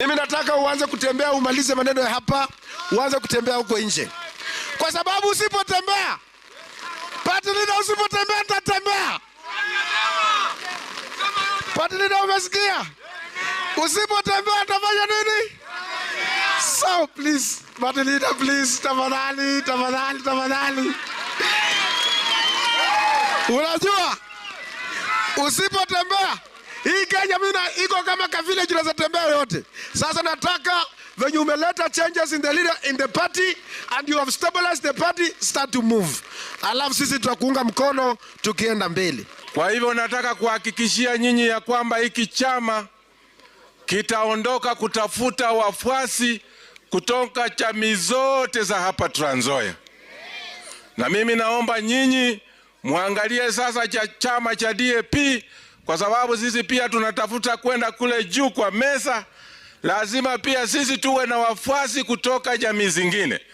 Mimi nataka uanze kutembea, umalize maneno ya hapa, uanze kutembea huko nje, kwa sababu usipotembea patilida, usipotembea nitatembea. Patilida, umesikia? Usipotembea tafanya nini? So please patilida, please, tafadhali, tafadhali, tafadhali. Unajua usipotembea hii Kenya mina iko kama kavile za tembea yote. Sasa nataka when you umeleta changes in the leader in the party and you have stabilized the party start to move. Alafu sisi tutakuunga mkono tukienda mbele. Kwa hivyo nataka kuhakikishia nyinyi ya kwamba hiki chama kitaondoka kutafuta wafuasi kutoka chama zote za hapa Trans Nzoia, na mimi naomba nyinyi Mwangalie sasa cha chama cha DAP, kwa sababu sisi pia tunatafuta kwenda kule juu kwa meza. Lazima pia sisi tuwe na wafuasi kutoka jamii zingine.